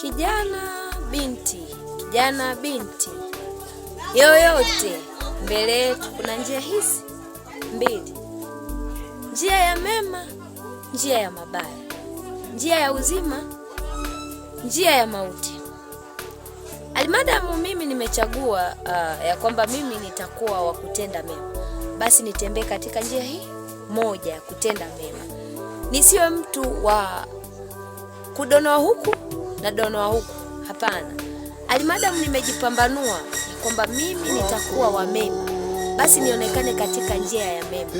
Kijana binti, kijana binti yoyote mbele yetu kuna njia hizi mbili, njia ya mema, njia ya mabaya, njia ya uzima, njia ya mauti. Alimadamu mimi nimechagua uh, ya kwamba mimi nitakuwa wa kutenda mema, basi nitembee katika njia hii moja ya kutenda mema, nisiwe mtu wa kudonoa huku na Donoa huku, hapana. Alimadamu nimejipambanua kwamba mimi nitakuwa wa mema, basi nionekane katika njia ya mema,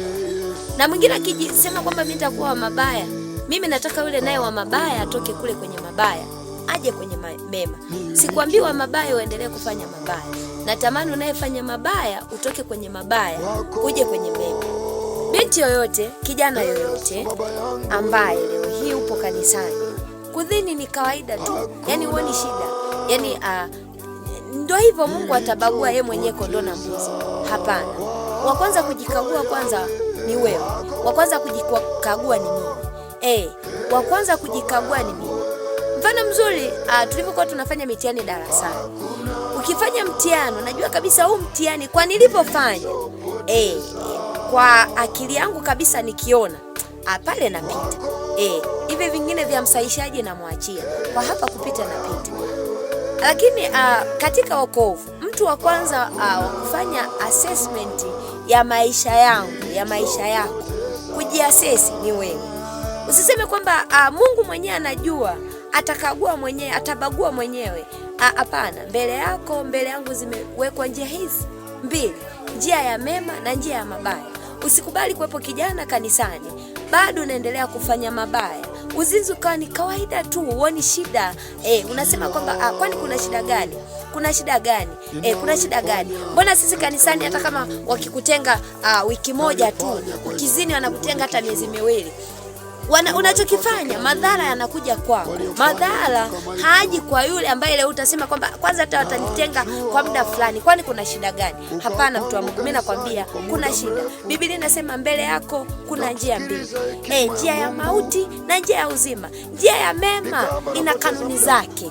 na mwingine akijisema kwamba mimi nitakuwa wa mabaya, mimi nataka yule naye wa mabaya atoke kule kwenye mabaya aje kwenye mema. Sikwambii wa mabaya uendelee kufanya mabaya, natamani unayefanya mabaya utoke kwenye mabaya uje kwenye mema. Binti yoyote, kijana yoyote ambaye leo hii upo kanisani kudhini ni kawaida tu, yani huoni shida, yani uh, ah, ndo hivyo Mungu atabagua yeye mwenyewe kondoo na mbuzi. Hapana, wa kwanza kujikagua kwanza ni wewe, wa kwanza kujikagua ni mimi eh, wa kwanza kujikagua ni mimi. Mfano mzuri uh, tulivyokuwa tunafanya mitihani darasani, ukifanya mtihani unajua kabisa huu mtihani kwa nilipofanya eh, kwa akili yangu kabisa nikiona ah, pale napita eh hivi vingine vya msaishaji namwachia kwa hapa kupita na pita. Lakini uh, katika wokovu mtu wa kwanza uh, kufanya assessment ya maisha yangu ya maisha yako kujiasesi ni wewe. Usiseme kwamba uh, Mungu mwenyewe anajua, atakagua mwenyewe, atabagua mwenyewe. Hapana, uh, mbele yako mbele yangu zimewekwa njia hizi mbili, njia ya mema na njia ya mabaya. Usikubali kuwepo kijana kanisani bado unaendelea kufanya mabaya, uzinzi ukawa ni kawaida tu, huoni shida eh, unasema kwamba ah, kwani kuna shida gani? Kuna shida gani? Eh, kuna shida gani? Mbona sisi kanisani hata kama wakikutenga ah, wiki moja tu, ukizini wanakutenga hata miezi miwili wana, unachokifanya madhara yanakuja kwako. Madhara haji kwa yule ambaye leo utasema kwamba kwanza hata watanitenga kwa muda fulani, kwani kuna shida gani? Hapana, mtu wa Mungu, mimi nakwambia kuna shida. Biblia inasema mbele yako kuna njia mbili, eh, njia ya mauti na njia ya uzima. Njia ya mema ina kanuni zake,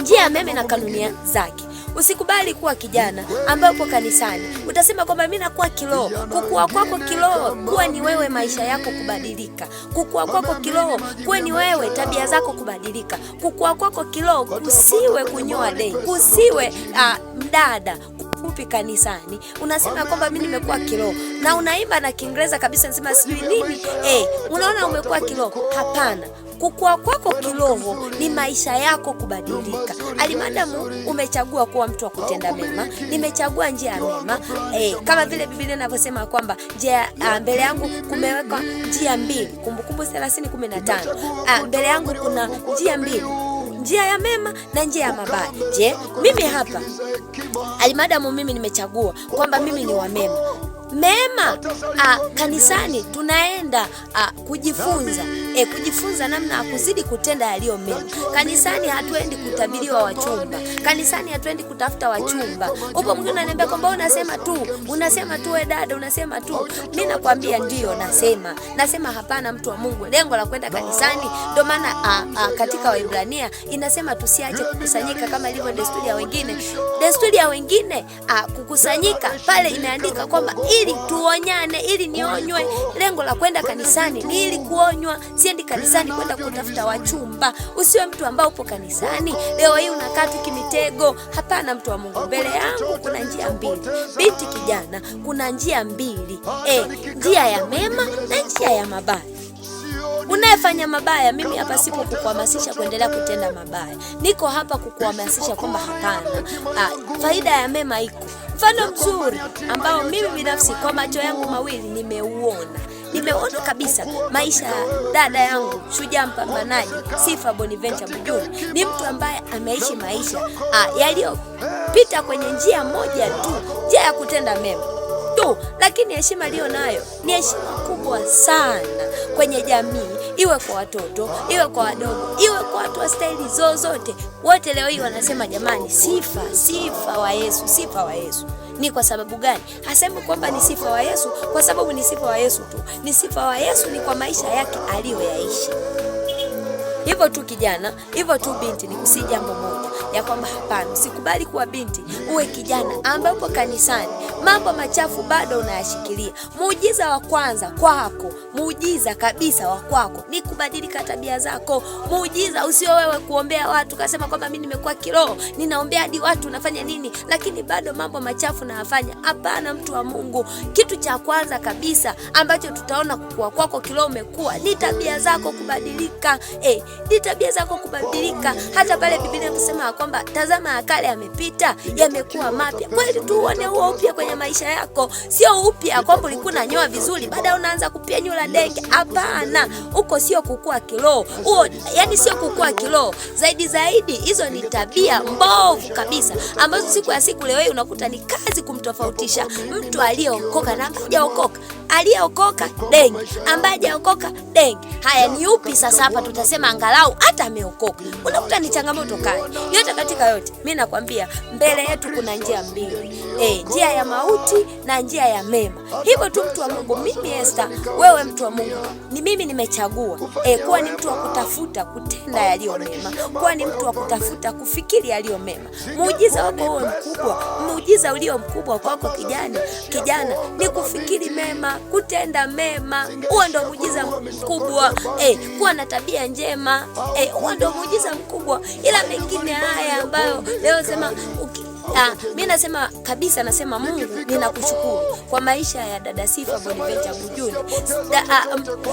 njia ya mema ina kanuni zake. Usikubali kuwa kijana ambaye upo kanisani utasema kwamba mimi nakuwa kiroho. Kukua kwako kiroho kuwe ni wewe maisha yako kubadilika. Kukua kwako kiroho kuwe ni wewe tabia zako kubadilika. Kukua kwako kiroho kusiwe kunyoa dei, kusiwe uh, mdada fupi kanisani, unasema kwamba mimi nimekuwa kiroho na unaimba na Kiingereza kabisa, nasema sijui nini eh, unaona umekuwa kiroho. Hapana, kukua kwako kiroho ni maisha yako kubadilika. Alimadamu umechagua kuwa mtu wa kutenda mema, nimechagua njia ya mema e, kama vile Biblia inavyosema kwamba njia ah, mbele yangu kumewekwa njia mbili, Kumbukumbu 30:15 ah, mbele yangu kuna njia mbili njia ya mema na njia ya mabaya. Je, mimi hapa alimadamu mimi nimechagua kwamba mimi ni wa mema mema. A, ah, kanisani tunaenda a, ah, kujifunza e, kujifunza namna ya kuzidi kutenda yaliyo mema. Kanisani hatuendi kutabiriwa wachumba, kanisani hatuendi kutafuta wachumba. Upo mwingine ananiambia kwamba unasema tu, unasema tu wewe dada, unasema tu. Mimi nakwambia ndio nasema, nasema hapana, mtu wa Mungu. Lengo la kwenda kanisani, ndio maana katika Waibrania inasema tusiache kukusanyika kama ilivyo desturi ya wengine. Desturi ya wengine a, kukusanyika pale imeandika kwamba ili tuonyane, ili nionywe. Lengo la kwenda kanisani ni ili kuonywa siendi kanisani kwenda kutafuta wachumba. Usiwe mtu ambao upo kanisani leo hii unakaa tu kimitego. Hapana, mtu wa Mungu, mbele yangu kuna njia mbili, binti kijana, kuna njia mbili e, njia ya mema na njia ya mabaya. Unayefanya mabaya, mimi hapa sipo kukuhamasisha kuendelea kutenda mabaya, niko hapa kukuhamasisha kwamba hapana, faida ya mema iko. Mfano mzuri ambao mimi binafsi kwa macho yangu mawili nimeuona nimeona kabisa maisha ya dada yangu shujaa mpambanaji Sifa Bonaventure Mujuni ni mtu ambaye ameishi maisha ah, yaliyopita kwenye njia moja tu, njia ya kutenda mema tu, lakini heshima aliyo nayo ni heshima kubwa sana kwenye jamii iwe kwa watoto, iwe kwa wadogo, iwe kwa watu wa staili zozote, wote leo hii wanasema jamani, sifa sifa wa Yesu, sifa wa Yesu. Ni kwa sababu gani? Hasemi kwamba ni sifa wa Yesu kwa sababu ni sifa wa Yesu tu, ni sifa wa Yesu ni kwa maisha yake aliyoyaishi. Hivyo tu kijana, hivyo tu binti, ni kusii jambo moja ya kwamba hapana, usikubali kuwa binti, uwe kijana ambaye uko kanisani, mambo machafu bado unayashikilia. Muujiza wa kwanza kwako, muujiza kabisa wa kwako ni kubadilika tabia zako. Muujiza usio wewe kuombea watu kasema kwamba mimi nimekuwa kiroho, ninaombea hadi watu nafanya nini, lakini bado mambo machafu nayafanya. Hapana, mtu wa Mungu, kitu cha kwanza kabisa ambacho tutaona kukua kwako kiroho umekuwa ni tabia zako kubadilika. Eh, ni tabia zako kubadilika, hata pale Biblia inasema kwamba tazama, akale yamepita, yamekuwa mapya. Kweli tu uone huo upya kwenye maisha yako, sio upya kwamba ulikuwa unanyoa vizuri, baada unaanza kupia nyula denge. Hapana, huko sio kukua kiroho, huo yani sio kukua kiroho. Zaidi zaidi, hizo ni tabia mbovu kabisa ambazo siku ya siku leo unakuta ni kazi kumtofautisha mtu aliyeokoka na hajaokoka aliyeokoka deng, ambaye hajaokoka deng. Haya ni upi sasa? Hapa tutasema angalau hata ameokoka. Unakuta ni changamoto kali yote. Katika yote, mi nakwambia mbele yetu kuna njia mbili e, njia ya mauti na njia ya mema. Hivyo tu mtu wa Mungu, mimi Esta, wewe mtu wa Mungu, ni mimi nimechagua e, kuwa ni mtu wa kutafuta kutenda yaliyo mema, kuwa ni mtu wa kutafuta kufikiri yaliyo mema. Muujiza wako huo mkubwa, muujiza ulio mkubwa kwako kijana, kijana ni kufikiri mema kutenda mema. Huo ndo muujiza mkubwa eh, kuwa na tabia njema eh, huo ndo muujiza mkubwa, ila mengine haya ambayo leo sema uki, Ah, mi nasema kabisa, nasema Mungu ninakushukuru kwa maisha ya dada Sifa Bonaventure Bujuni. Ah,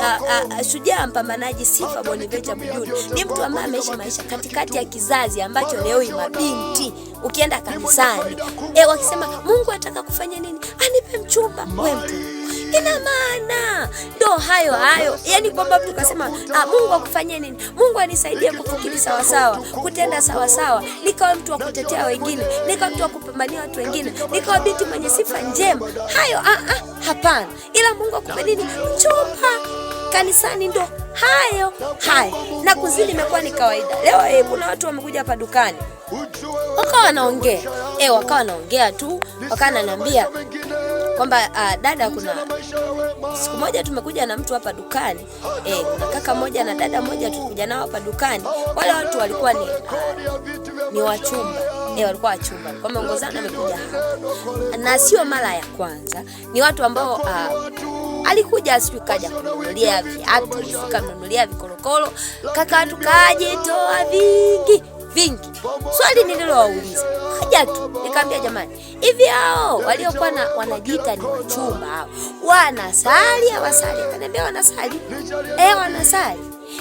ah, ah, shujaa mpambanaji Sifa Bonaventure Bujuni ni mtu ambaye ameishi maisha katikati ya kizazi ambacho leo ni mabinti. Ukienda kanisani, e, wakisema Mungu ataka kufanya nini, anipe mchumba wewe mtu kina maana ndo hayo hayo, yani kwamba mtu kasema ah, Mungu akufanyie nini? Mungu anisaidie kufikiri sawasawa, kutenda sawasawa, nikawa mtu wa kutetea wengine, nikawa mtu wa kupambania watu wengine, nikawa binti mwenye sifa njema. Hayo ah, ah, hapana. Ila Mungu akupe nini? Chupa kanisani ndo hayo hayo, na kuzini imekuwa ni kawaida. Leo eh, kuna watu wamekuja hapa dukani wakawa wanaongea eh, wakawa wanaongea tu, wakawa wananiambia kwamba uh, dada, kuna siku moja tumekuja na mtu hapa dukani eh, kuna kaka moja na dada moja tulikuja nao hapa dukani. Wale watu walikuwa ni, uh, ni wachumba eh, walikuwa wachumba, kwa wameongozana, amekuja hapa na sio mara ya kwanza. Ni watu ambao uh, alikuja siku kaja kununulia viatu, kamnunulia vikorokoro, kaka tukaaje toa vingi vingi. Swali nililowauliza haja tu nikamwambia, jamani, hivi hao waliokuwa na wanajiita ni wachumba hao wanasali hawasali? Akaniambia wanasali, eh, wanasali.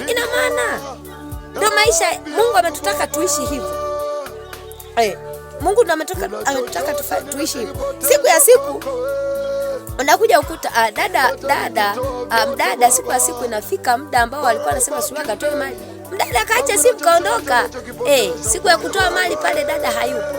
Ina maana ndio maisha Mungu ametutaka tuishi hivyo eh. Mungu ndo ametutaka tuishi hivyo. Siku ya siku unakuja ukuta ah, dada dada ah, dada, siku ya siku inafika muda ambao walikuwa wanasema suruali katoe maji Dada kaacha simu kaondoka. Eh, siku ya kutoa mali pale dada hayupo.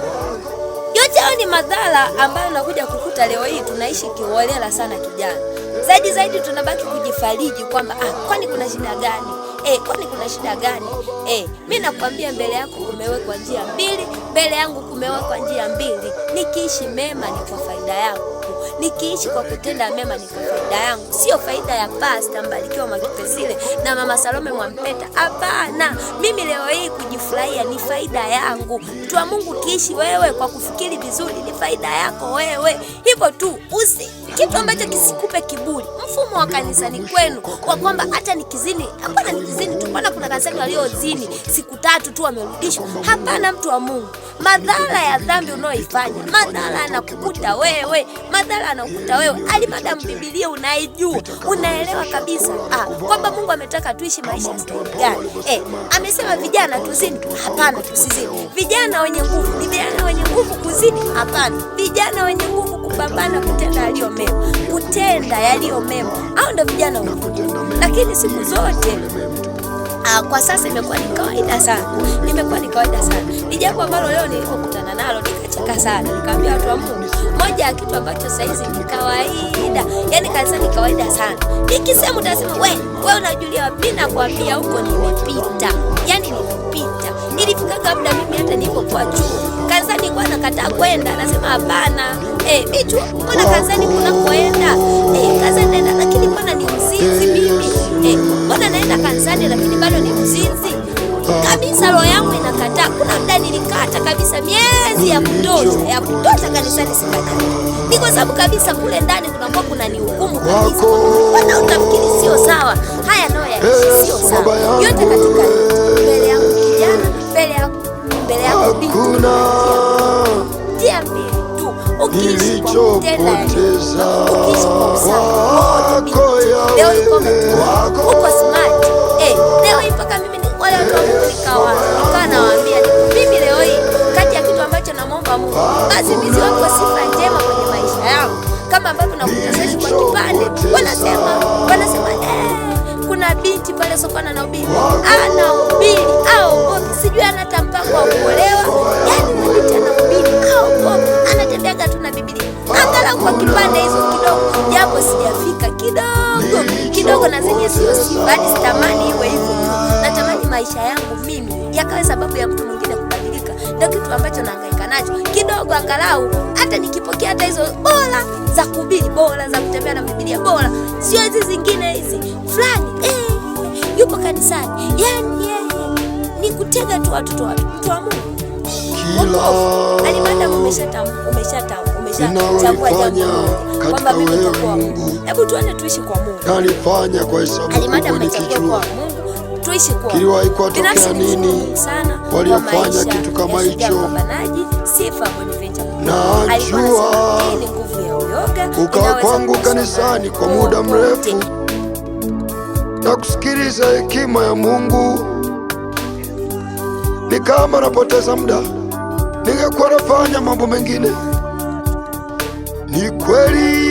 Yote hayo ni madhara ambayo nakuja kukuta leo hii. Tunaishi kiholela sana kijana, zaidi zaidi tunabaki kujifariji kwamba ah, kwani kuna shida gani? Eh, kwani kuna shida gani? Eh, mi nakwambia mbele yako kumewekwa njia mbili, mbele yangu kumewekwa njia mbili. Nikiishi mema ni kwa faida yako nikiishi kwa kutenda mema ni faida yangu, sio faida ya Pasta Mbarikiwa Mwakipesile na Mama Salome Mwampeta. Hapana, mimi leo hii kujifurahia ni faida yangu. Mtu wa Mungu, kiishi wewe kwa kufikiri vizuri, ni faida yako wewe, hivyo tu usi kitu ambacho kisikupe kiburi. Mfumo wa kanisani kwenu kwa kwamba hata nikizini, hapana, nikizini tu, mbona kuna kanisani waliozini siku tatu tu wamerudishwa? Hapana, mtu wa Mungu, madhara ya dhambi unaoifanya madhara yanakukuta wewe madhala mjadala anakuta wewe alimadamu Biblia unaijua unaelewa kabisa ah, kwamba Mungu ametaka tuishi maisha staili gani eh, amesema vijana tuzini? Hapana, tusizini. Vijana wenye nguvu ni vijana wenye nguvu kuzini? Hapana. Vijana wenye nguvu kupambana kutenda yaliyo mema, kutenda yaliyo mema, au ndo vijana wenye nguvu, lakini siku zote na ah, kwa sasa imekuwa ni kawaida sana, imekuwa ni kawaida sana. Ni jambo ambalo leo nilipokutana nalo nikacheka sana, nikaambia watu wa Mungu, moja ya kitu ambacho saa hizi ni kawaida, yani kanisa ni kawaida sana. Nikisema utasema we we, unajulia wapi? Na kuambia huko nimepita, yani nimepita, nilifika kabla mimi hata niko kwa chuo kanisani, kwa nakataa kwenda, nasema hapana. Eh, mimi mbona kanisani kuna kuenda eh, kanisani naenda, lakini mbona ni mzizi mimi eh, mbona naenda kanisani lakini bado ni mzinzi kabisa. Roho yangu inakataa. Kuna muda nilikata kabisa miezi ya kutosha ya kutosha kanisani sikaja, ni kwa sababu kabisa kule ndani kunakuwa kuna ni nihukumu kabisa, wana utafikiri sio sawa, haya nayo yaishi sio sawa, yote katika mbele yangu kijana, mbele yangu, mbele yangu binti nilichopoteza wako yawe wako leo hii mpaka mimi wale watu wa nikawa nikawa nawaambia mimi leo hii, kati ya kitu ambacho namwomba Mungu basi mizi wako sifa njema kwenye maisha yangu, kama ambavyo nakutazesha kwa kipande, wanasema wanasema eh, kuna binti pale sokoni anahubiri anahubiri angalau hata nikipokea hata hizo bora za kuhubiri, bora za kutembea na Biblia, bora sio hizi zingine hizi fulani eh, yupo kanisani yani yeye eh, ni kutega tu watoto watu. Mtu wa Mungu kila alimada yaani umeshachagua jambo kwamba mimi nitakuwa Mungu. Hebu tuone tuishi kwa Mungu, alifanya kwa alimanda yaani umechagua kwa Mungu tuishi kwa kiliwahi kuwatokea nini waliofanya kitu kama hicho? Najua ukawa kwangu kanisani kwa muda mrefu na kusikiliza hekima ya Mungu, ni kama napoteza muda, ningekuwa nafanya mambo mengine. Ni kweli